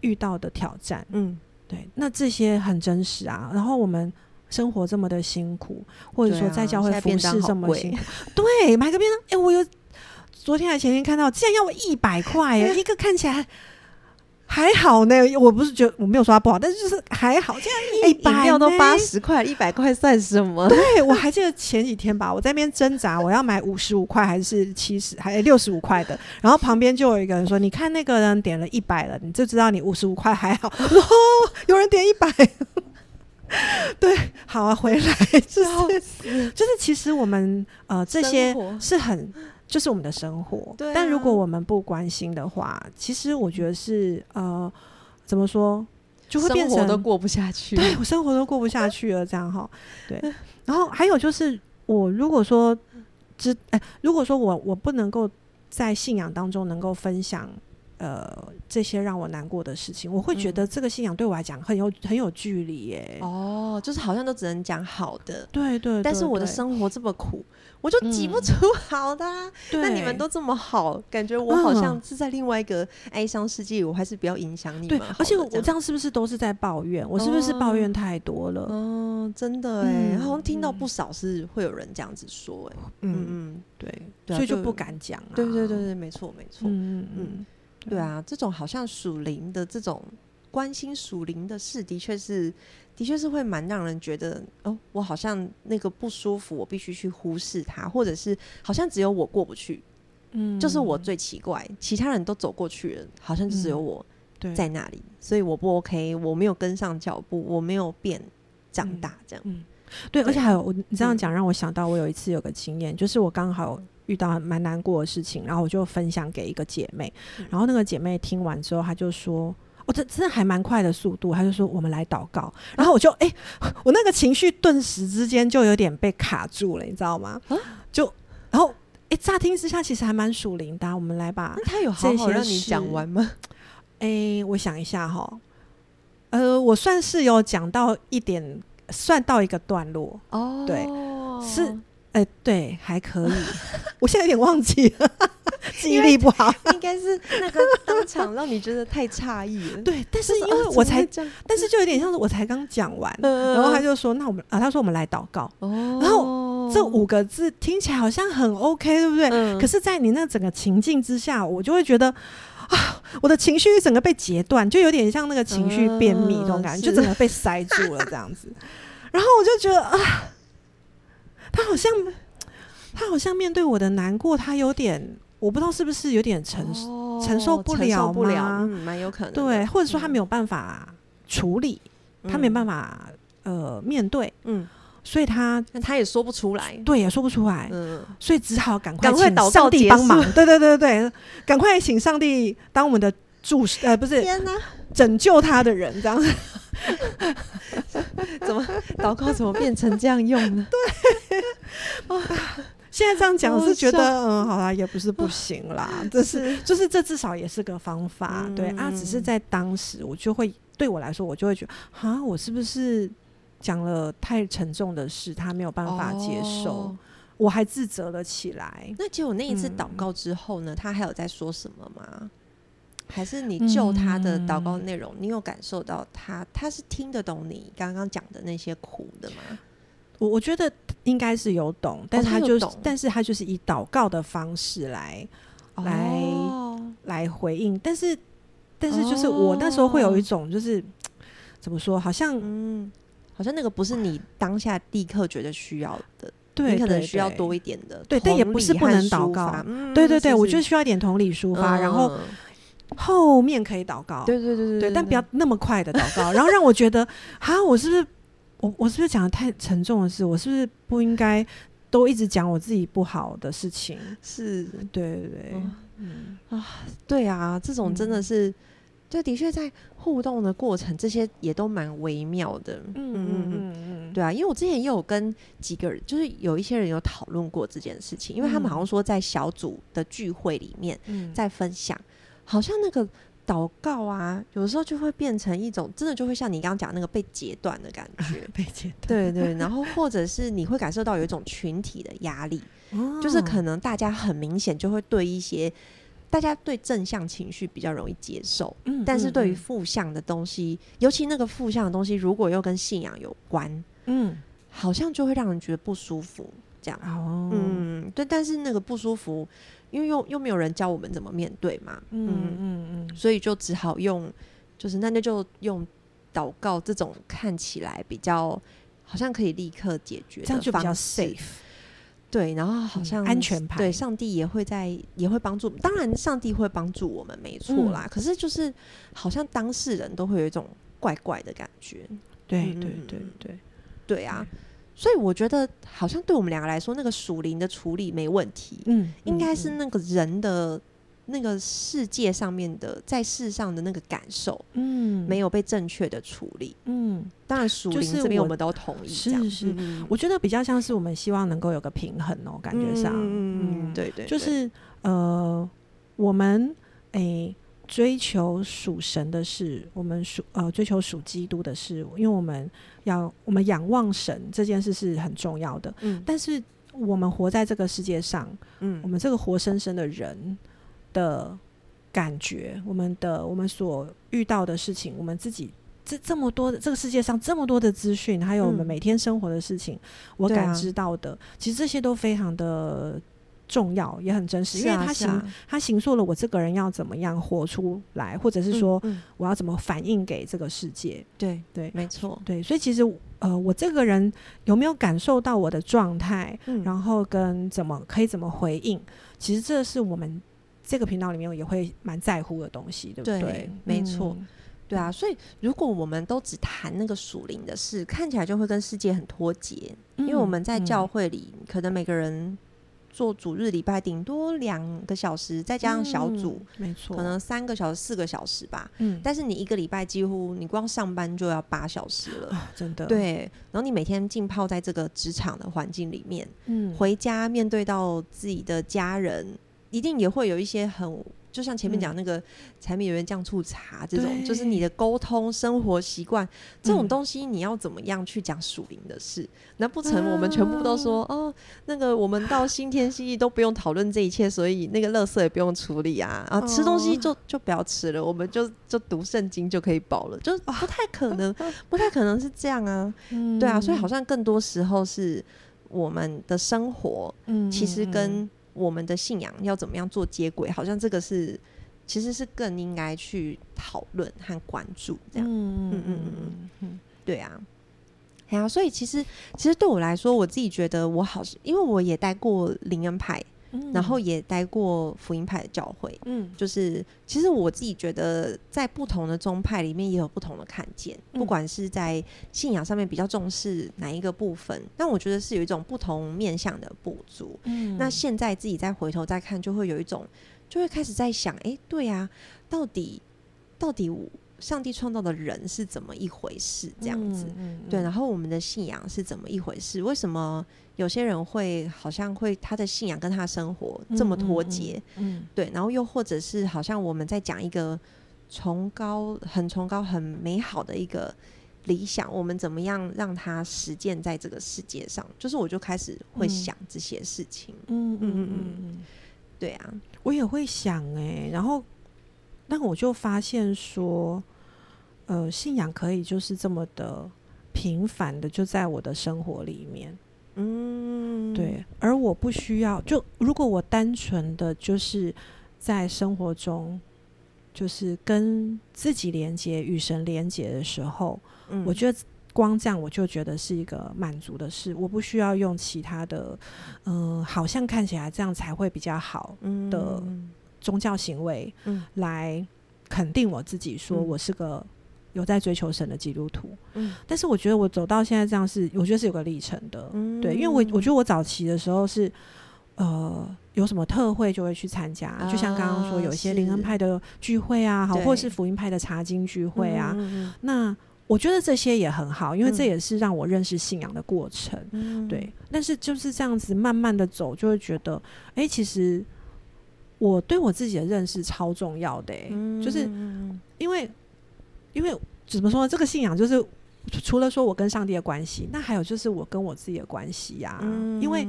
遇到的挑戰。嗯，對。那這些很真實啊。然後我們生活這麼的辛苦，或者說在教會服侍這麼辛苦，對,啊、對，買個便當，哎、欸，我有昨天還前天看到，竟然要我一百塊、啊，一那個,個看起來。 [laughs] 還好呢，我不是覺得我沒有說他不好，但是就是還好。這樣一百，欸，沒有，都八十塊，一百塊算什麼？對，我還記得前幾天吧，我在那邊掙扎， [laughs] 我要買五十五塊還是七十還六十五塊的，然後旁邊就有一個人說：“你看那個人點了一百了，你就知道你五十五塊還好。”哦，有人點一百， [laughs] 對，好啊，回來之後 [laughs] 就是，就是，其實我們呃這些是很。就是我們的生活，對啊，但如果我們不關心的話，其實我覺得是呃，怎麼說，就會變得都過不下去。對，我生活都過不下去了，這樣哈。對，然後還有就是，我如果說只哎、呃，如果說我我不能夠在信仰當中能夠分享呃這些讓我難過的事情，我會覺得這個信仰對我來講很有很有距離耶、欸。哦，就是好像都只能講好的，對對，對，對對。但是我的生活這麼苦。我就擠不出好的。那你們都這麼好，感覺我好像是在另外一個哀傷世界。我還是不要影響你們。對，而且我這樣是不是都是在抱怨？我是不是抱怨太多了？嗯，真的哎，好像聽到不少是會有人這樣子說哎。嗯嗯，對，所以就不敢講啊。對對對對，沒錯沒錯。嗯嗯，對啊，這種好像屬靈的這種關心屬靈的事，的確是。的確是會蠻讓人覺得哦，我好像那個不舒服，我必須去忽視它，或者是好像只有我過不去，嗯，就是我最奇怪，其他人都走過去了，好像只有我在那裡，嗯，所以我不 OK，我沒有跟上腳步，我沒有變長大，這樣嗯，嗯，對，對而且還有你這樣講讓我想到我有一次有個經驗，就是我剛好遇到蠻難過的事情，然後我就分享給一個姐妹，然後那個姐妹聽完之後，她就說。我這真的還蠻快的速度，他就說，我們來禱告。然後我就哎、啊欸，我那個情緒頓時之間就有點被卡住了，你知道嗎？啊、就然後哎、欸，乍聽之下其實還蠻屬靈的、啊，我們來把他有好好讓你講完嗎？哎、欸，我想一下哈，呃，我算是有講到一點，算到一個段落哦，對，是，哎、欸，對，還可以，啊、我現在有點忘記了。 [laughs] 記憶力不好，應該是那個當場讓你覺得太詫異了。 [laughs] 對，但是因為我才、啊、這樣，但是就有點像是我才剛講完，呃、然後他就說：“那我們啊、呃，他說我們來禱告。”哦、然後這五個字聽起來好像很 OK，對不對？嗯、可是，在你那整個情境之下，我就會覺得啊，我的情緒整個被截斷，就有點像那個情緒便秘這種感覺，呃、就整個被塞住了這樣子。啊、然後我就覺得啊，他好像他好像面對我的難過，他有點。我不知道是不是有點承受承受不了。嗯，蠻有可能，對，或者說他沒有辦法處理，他沒辦法呃、面對，嗯，所以他他也說不出來，對，也說不出來，嗯，所以只好趕快請上帝幫忙，對對對對，趕快請上帝當我們的助手，呃，不是，天哪！拯救他的人這樣子。怎麼禱告怎麼變成這樣用呢？對。現在這樣講是覺得、哦、嗯，好啦，也不是不行啦，哦、這是，就是這至少也是個方法，嗯、對啊，只是在當時我就會，對我來說我就會覺得蛤，我是不是講了太沉重的事，他沒有辦法接受，哦、我還自責了起來。那結果那一次禱告之後呢，他還有在說什麼嗎？嗯、還是你就他的禱告內容，你有感受到他，他是聽得懂你剛剛講的那些苦的嗎？我覺得應該是有懂，但是他就是，但是他就是以禱告的方式來，來，來回應。但是，但是就是我那時候會有一種就是怎麼說，好像，好像那個不是你當下立刻覺得需要的，對，可能需要多一點的，對，但也不是不能禱告。對對對，我覺得需要一點同理抒發，然後後面可以禱告。對對對對對，但不要那麼快的禱告，然後讓我覺得，哈，我是不是？我我是不是講的太沉重的事？我是不是不應該都一直講我自己不好的事情？是，對對對，哦嗯、啊，對啊，這種真的是，就的確在互動的過程，這些也都蠻微妙的，嗯嗯嗯嗯嗯，嗯嗯對啊，因為我之前也有跟幾個人，就是有一些人有討論過這件事情，因為他們好像說在小組的聚會裡面、嗯、在分享，好像那個。禱告啊，有時候就會變成一種，真的就會像你剛剛講的那個被截斷的感覺， [laughs] 被截斷 斷。對，對對，然後或者是你會感受到有一種群體的壓力，哦、就是可能大家很明顯就會對一些，大家對正向情緒比較容易接受，嗯嗯嗯，但是對於負向的東西，尤其那個負向的東西如果又跟信仰有關，嗯，好像就會讓人覺得不舒服，這樣，哦、嗯，對，但是那個不舒服，因為又又沒有人教我們怎麼面對嘛，嗯嗯，嗯。所以就只好用，就是那那就用禱告這種看起來比較好像可以立刻解決，這樣就比較 safe。對，然後好像安全牌，對，上帝也會在，也會幫助。當然，上帝會幫助我們，沒錯啦。嗯、可是就是好像當事人都會有一種怪怪的感覺。對對對對、嗯、對啊！所以我覺得好像對我們兩個來說，那個屬靈的處理沒問題。嗯、應該是那個人的。那個世界上面的，在世上的那個感受，嗯，沒有被正確的處理，嗯，當然屬靈這邊我們都同意，是，是是，嗯嗯我覺得比較像是我們希望能夠有個平衡哦、喔，感覺上，嗯，嗯，嗯，對對，對，就是呃，我們誒、欸、追求屬神的事，我們屬呃追求屬基督的事，因為我們要我們仰望神這件事是很重要的，嗯，但是我們活在這個世界上，嗯，我們這個活生生的人。嗯的感覺，我們的我們所遇到的事情，我們自己這這麼多的這個世界上這麼多的資訊，還有我們每天生活的事情，嗯、我感知到的，啊、其實這些都非常的重要，也很真實。是啊是啊、因為它形，它形塑了我這個人要怎麼樣活出來，或者是說我要怎麼反應給這個世界。對、嗯、對，沒錯，對。所以其實呃，我這個人有沒有感受到我的狀態，嗯、然後跟怎麼可以怎麼回應，其實這是我們。這個頻道裡面也會蠻在乎的東西，對不對？對，沒錯。嗯、對啊，所以如果我們都只談那個屬靈的事，看起來就會跟世界很脫節。嗯、因為我們在教會裡，嗯、可能每個人做主日禮拜頂多兩個小時，再加上小組，嗯、沒錯，可能三個小時、四個小時吧。嗯、但是你一個禮拜幾乎你光上班就要八小時了，啊、真的。對，然後你每天浸泡在這個職場的環境裡面，嗯，回家面對到自己的家人。一定也會有一些很，就像前面講那個柴米油鹽醬醋茶這種，嗯、就是你的溝通生活習慣、嗯、這種東西，你要怎麼樣去講屬靈的事？嗯、難不成我們全部都說、啊、哦，那個我們到新天新地都不用討論這一切，所以那個垃圾也不用處理啊啊，哦、吃東西就就不要吃了，我們就就讀聖經就可以飽了？就不太可能，啊、不太可能是這樣啊，嗯、對啊，所以好像更多時候是我們的生活，嗯，其實跟。我們的信仰要怎麼樣做接軌？好像這個是，其實是更應該去討論和關注這樣。嗯嗯嗯嗯嗯，對啊，然後所以其實其實對我來說，我自己覺得我好，因為我也帶過靈恩派。然後也待過福音派的教會，嗯，就是其實我自己覺得，在不同的宗派裡面也有不同的看見，嗯、不管是在信仰上面比較重視哪一個部分，但我覺得是有一種不同面向的不足。嗯，那現在自己再回頭再看，就會有一種，就會開始在想，哎，對啊，到底，到底我。上帝創造的人是怎麼一回事？這樣子，嗯嗯嗯、對，然後我們的信仰是怎麼一回事？為什麼有些人會好像會他的信仰跟他生活這麼脫節？嗯嗯嗯嗯、對，然後又或者是好像我們在講一個崇高、很崇高、很美好的一個理想，我們怎麼樣讓他實踐在這個世界上？就是我就開始會想這些事情。嗯嗯嗯嗯、嗯，對啊，我也會想哎、欸，然後那我就發現說。嗯呃，信仰可以就是這麼的平凡的，就在我的生活裡面，嗯，對。而我不需要，就如果我單純的就是在生活中，就是跟自己連接、與神連接的時候，嗯，我覺得光這樣我就覺得是一個滿足的事。我不需要用其他的，嗯，呃，好像看起來這樣才會比較好的宗教行為，嗯，來肯定我自己，說我是個。有在追求神的基督徒，嗯、但是我覺得我走到現在這樣是，我覺得是有個歷程的，嗯嗯，對，因為我我覺得我早期的時候是，呃，有什麼特會就會去參加，啊、就像剛剛說有一些靈恩派的聚會啊，是好，或是福音派的查經聚會啊，那我覺得這些也很好，因為這也是讓我認識信仰的過程，嗯、對。但是就是這樣子慢慢的走，就會覺得，哎、欸，其實我對我自己的認識超重要的、欸，嗯嗯嗯，就是因為。因為怎麼說呢，這個信仰就是除了說我跟上帝的關係，那還有就是我跟我自己的關係呀、啊。嗯、因為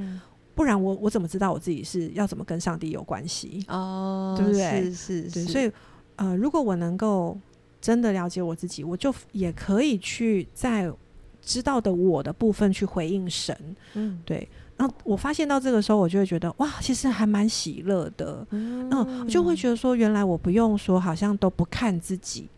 不然我我怎麼知道我自己是要怎麼跟上帝有關係？哦，對不對？是，是是。對，所以呃，如果我能夠真的了解我自己，我就也可以去在知道的我的部分去回應神。嗯，對。然後我發現到這個時候，我就會覺得哇，其實還蠻喜樂的。嗯，我就會覺得說，原來我不用說，好像都不看自己。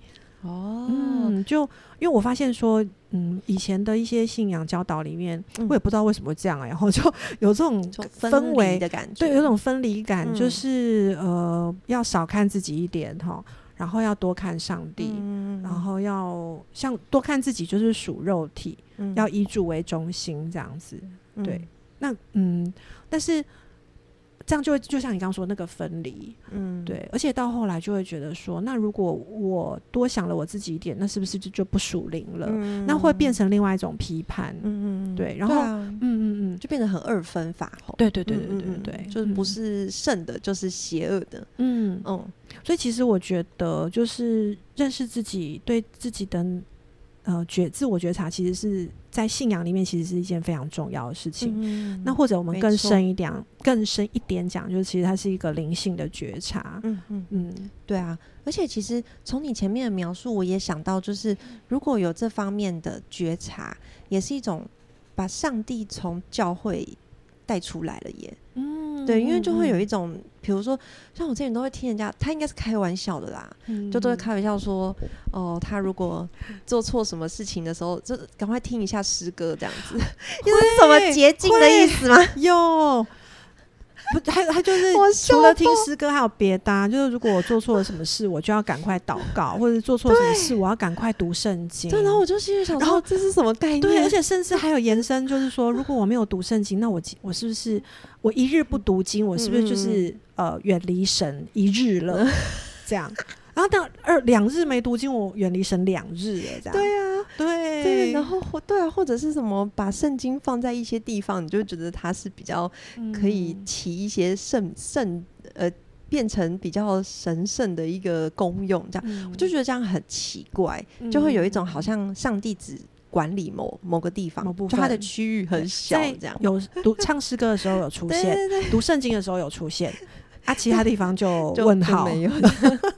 哦，嗯，就因為我發現說，嗯，以前的一些信仰教導裡面，嗯、我也不知道為什麼這樣、欸，然後就有這種分離的感覺，對，有種分離感，嗯、就是呃，要少看自己一點哈，然後要多看上帝，嗯、然後要像多看自己就是屬肉體，嗯、要以主為中心這樣子，嗯、對，那嗯，但是。這樣就會就像你剛剛說那個分離，嗯，對，而且到後來就會覺得說，那如果我多想了我自己一點，那是不是就就不屬靈了？那會變成另外一種批判，嗯對，然後嗯嗯嗯，就變得很二分法，對對對對對對對，就是不是聖的，就是邪惡的，嗯嗯，所以其實我覺得就是認識自己對自己的。呃，覺自我覺察其實是在信仰裡面，其實是一件非常重要的事情。嗯、那或者我們更深一點，沒錯。更深一點講，就是其實它是一個靈性的覺察。嗯嗯嗯，嗯對啊。而且其實從你前面的描述，我也想到，就是如果有這方面的覺察，也是一種把上帝從教會。帶出來了耶，嗯，對，因為就會有一種，比、嗯、如說，像我之前都會聽人家，他應該是開玩笑的啦，嗯、就都會開玩笑說，哦、呃，他如果做錯什麼事情的時候，就趕快聽一下詩歌這樣子，這會 [laughs] 是什麼捷徑的意思嗎？有。不，還有他就是除了聽詩歌，還有別的、啊。就是如果我做錯了什麼事，我就要趕快禱告， [laughs] 或者做錯什麼事，我要趕快讀聖經。然後我就心裡想，然後這是什麼概念？對，而且甚至還有延伸，就是說，如果我沒有讀聖經，那我我是不是我一日不讀經，我是不是就是、嗯、呃遠離神一日了？嗯、這樣。然後等二兩日沒讀經，我遠離神兩日了、欸，這樣。對啊，對。對，然後或對、啊，或者是什麼，把聖經放在一些地方，你就覺得它是比較可以起一些聖聖呃，變成比較神聖的一個功用，這樣。嗯、我就覺得這樣很奇怪，就會有一種好像上帝只管理某某個地方，就它的區域很小，這樣。有讀唱詩歌的時候有出現， [laughs] 對對對讀聖經的時候有出現， [laughs] 啊，其他地方就問號。 [laughs] 就、就沒有 [laughs]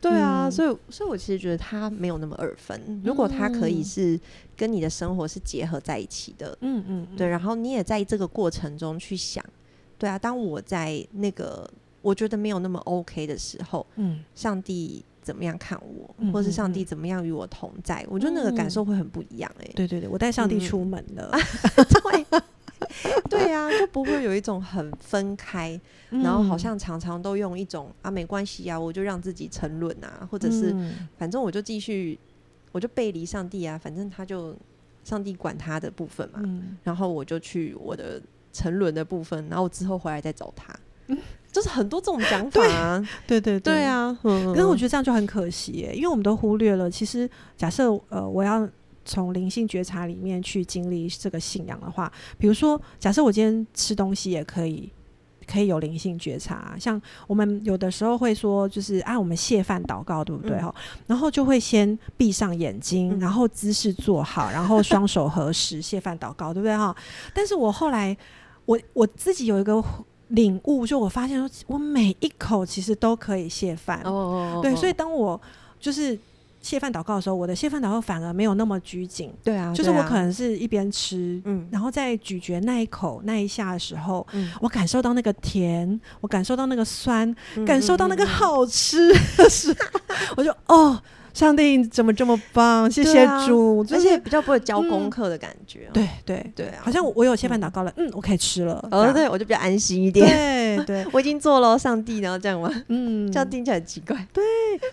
對啊，所以，嗯、所以，所以我其實覺得他沒有那麼二分。嗯、如果他可以是跟你的生活是結合在一起的，嗯嗯，嗯對。然後你也在這個過程中去想，對啊，當我在那個我覺得沒有那麼 OK 的時候，嗯，上帝怎麼樣看我，嗯、或是上帝怎麼樣與我同在，嗯、我覺得那個感受會很不一樣、欸。誒、嗯，對對對，我帶上帝出門了。對。 [laughs] 對呀、啊，就不會有一種很分開，嗯、然後好像常常都用一種啊，沒關係啊，我就讓自己沉淪啊，或者是反正我就繼續，我就背離上帝啊，反正他就上帝管他的部分嘛，嗯、然後我就去我的沉淪的部分，然後我之後回來再找他，嗯、就是很多這種講法，啊，對對對，對，對啊，嗯、可是我覺得這樣就很可惜、欸，因為我們都忽略了，其實假設呃，我要。從靈性覺察裡面去經歷這個信仰的話，比如說，假設我今天吃東西也可以，可以有靈性覺察、啊。像我們有的時候會說，就是啊，我們謝飯禱告，對不對？哈、嗯，然後就會先閉上眼睛，嗯、然後姿勢做好，然後雙手合十， [laughs] 謝飯禱告，對不對？哈。但是我後來，我我自己有一個領悟，就我發現，說我每一口其實都可以謝飯。哦，哦，哦，哦，哦，對，所以當我就是。謝飯禱告的時候，我的謝飯禱告反而沒有那麼拘謹，對啊，就是我可能是一邊吃，嗯、啊，然後在咀嚼那一口、嗯、那一下的時候，嗯、我感受到那個甜，我感受到那個酸，嗯嗯嗯感受到那個好吃的時候， [laughs] [laughs] 我就哦。上帝怎麼這麼棒？謝謝主，而且比較不會交功課的感覺。對對對，好像我有吃飯禱告了，嗯，我可以吃了，呃，對，我就比較安心一點。對對，我已經做了上帝，然後這樣嗎？嗯，這樣聽起來很奇怪。對，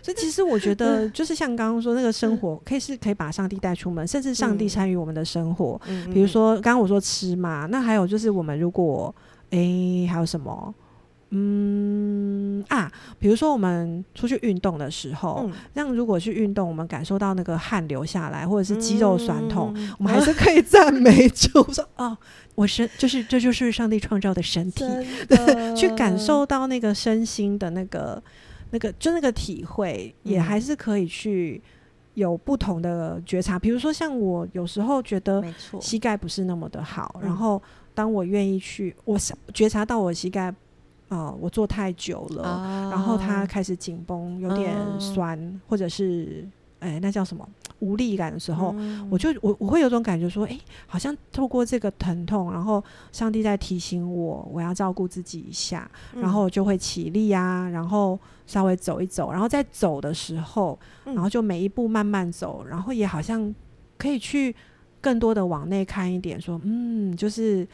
所以其實我覺得，就是像剛剛說那個生活，可以是可以把上帝帶出門，甚至上帝參與我們的生活。比如說，剛剛我說吃嘛，那還有就是我們如果哎，還有什麼？嗯啊，比如說我們出去運動的時候，那、嗯、如果去運動，我們感受到那個汗流下來，或者是肌肉痠痛，嗯、我們還是可以讚美主 [laughs] 說：“哦，我身就是這就是上帝創造的身體。真的” [laughs] 去感受到那個身心的那個那個就那個體會，嗯、也還是可以去有不同的覺察。比如說，像我有時候覺得膝蓋不是那麼的好，沒錯然後當我願意去，我覺察到我膝蓋。啊、呃，我坐太久了，啊、然後他開始緊繃，有點酸，啊、或者是哎，那叫什麼無力感的時候，嗯、我就我我會有種感覺說，哎，好像透過這個疼痛，然後上帝在提醒我，我要照顧自己一下，然後我就會起立啊，嗯、然後稍微走一走，然後在走的時候，然後就每一步慢慢走，嗯、然後也好像可以去更多的往內看一點，說，嗯，就是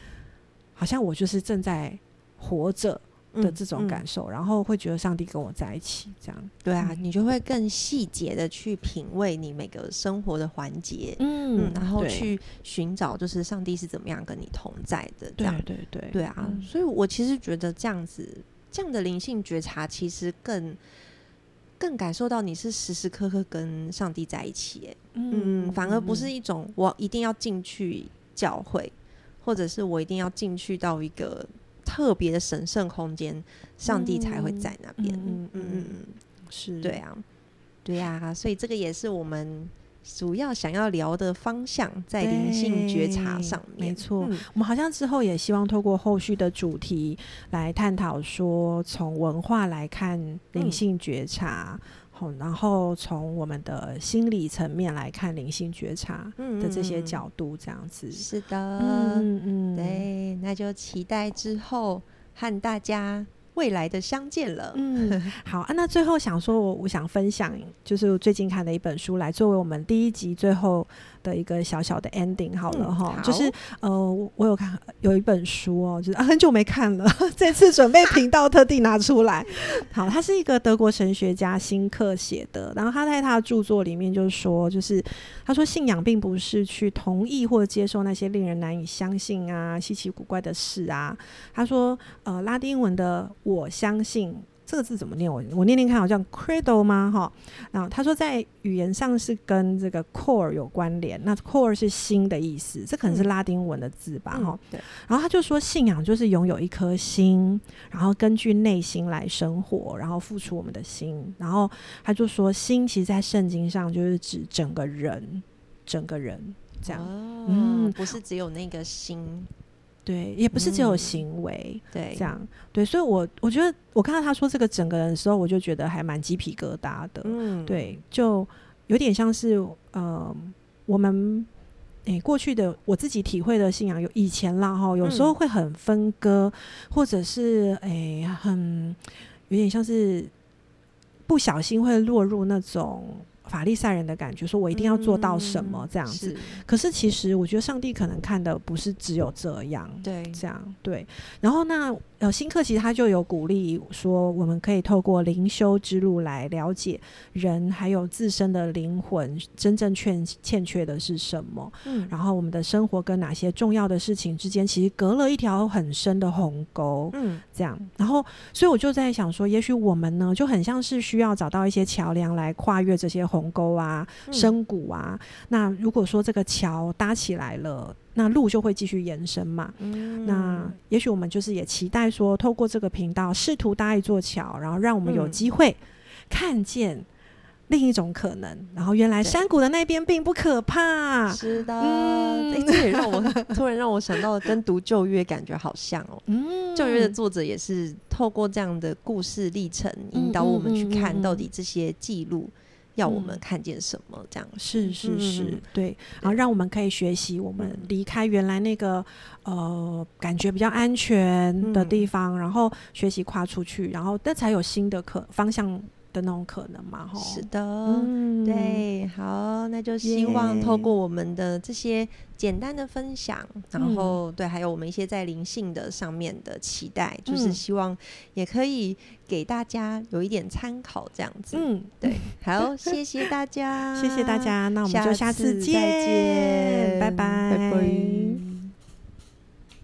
好像我就是正在活着。的這種感受，嗯嗯、然後會覺得上帝跟我在一起，這樣對啊，嗯、你就會更細節的去品味你每個生活的環節，嗯，嗯，然後去尋找就是上帝是怎麼樣跟你同在的這樣，對，對對對，對啊，嗯、所以我其實覺得這樣子這樣的靈性覺察，其實更更感受到你是時時刻刻跟上帝在一起、欸，嗯，嗯反而不是一種我一定要進去教會，或者是我一定要進去到一個。特別的神聖空間，上帝才會在那邊。嗯嗯嗯，是對啊，對啊，所以這個也是我們主要想要聊的方向，在靈性覺察上面。沒錯，嗯、我們好像之後也希望透過後續的主題來探討，說從文化來看，靈性覺察。嗯哦，然後從我們的心理層面來看，靈性覺察的這些角度，這樣子。嗯嗯嗯是的，嗯嗯，對，那就期待之後和大家未來的相見了。嗯， [laughs] 好啊，那最後想說我我想分享，就是最近看的一本書，來作為我們第一集最後。的一個小小的 ending 好了哈，嗯、就是呃，我有看有一本書哦、喔，就是啊，很久沒看了呵呵，這次準備頻道特地拿出來。啊、好，他是一個德國神學家新克寫的，然後他在他的著作裡面就說，就是他說信仰並不是去同意或接受那些令人難以相信啊、稀奇古怪的事啊。他說，呃，拉丁文的我相信。這個字怎麼念我？我我念念看，好像 credo 嗎？哈，然後他說在語言上是跟這個 core 有關聯。那 core 是心的意思，這可能是拉丁文的字吧？哈、嗯，對。然後他就說信仰就是擁有一顆心，然後根據內心來生活，然後付出我們的心。然後他就說心其實，在聖經上就是指整個人，整個人這樣。哦、嗯，不是只有那個心。對，也不是只有行為，嗯、對，這樣對，所以我，我我覺得我看到他說這個整個人的時候，我就覺得還蠻雞皮疙瘩的，嗯，對，就有點像是，嗯、呃，我們誒、欸、過去的我自己體會的信仰有以前啦哈，有時候會很分割，嗯、或者是誒、欸、很有點像是不小心會落入那種。法利賽人的感覺，說我一定要做到什麼這樣子。嗯、是可是其實，我覺得上帝可能看的不是只有這樣，對，這樣對。然後那。有新客，其實他就有鼓勵說，我們可以透過靈修之路來了解人，還有自身的靈魂真正欠欠缺的是什麼。然後我們的生活跟哪些重要的事情之間其實隔了一條很深的鴻溝。嗯，這樣，然後所以我就在想說，也許我們呢就很像是需要找到一些橋樑來跨越這些鴻溝啊、深谷啊。那如果說這個橋搭起來了，那路就會繼續延伸嘛。嗯、那也許我們就是也期待說，透過這個頻道，試圖搭一座橋，然後讓我們有機會看見另一種可能。嗯、然後原來山谷的那邊並不可怕。對嗯、是的。嗯、這也讓我 [laughs] 突然讓我想到了，跟讀舊約感覺好像哦。舊約、嗯、的作者也是透過這樣的故事歷程，引導我們去看到底這些記錄。嗯嗯嗯嗯嗯要我們看見什麼，這樣是是是、嗯、對，然後讓我們可以學習，我們離開原來那個呃感覺比較安全的地方，然後學習跨出去，然後這才有新的可方向。的那種可能嘛，哈，是的，嗯，對，好，那就希望透過我們的這些簡單的分享，耶然後、嗯、對，還有我們一些在靈性的上面的期待，嗯、就是希望也可以給大家有一點參考，這樣子，嗯，對，好，謝謝大家， [laughs] 謝謝大家，那我們就下次見，下次再見，拜拜。拜拜。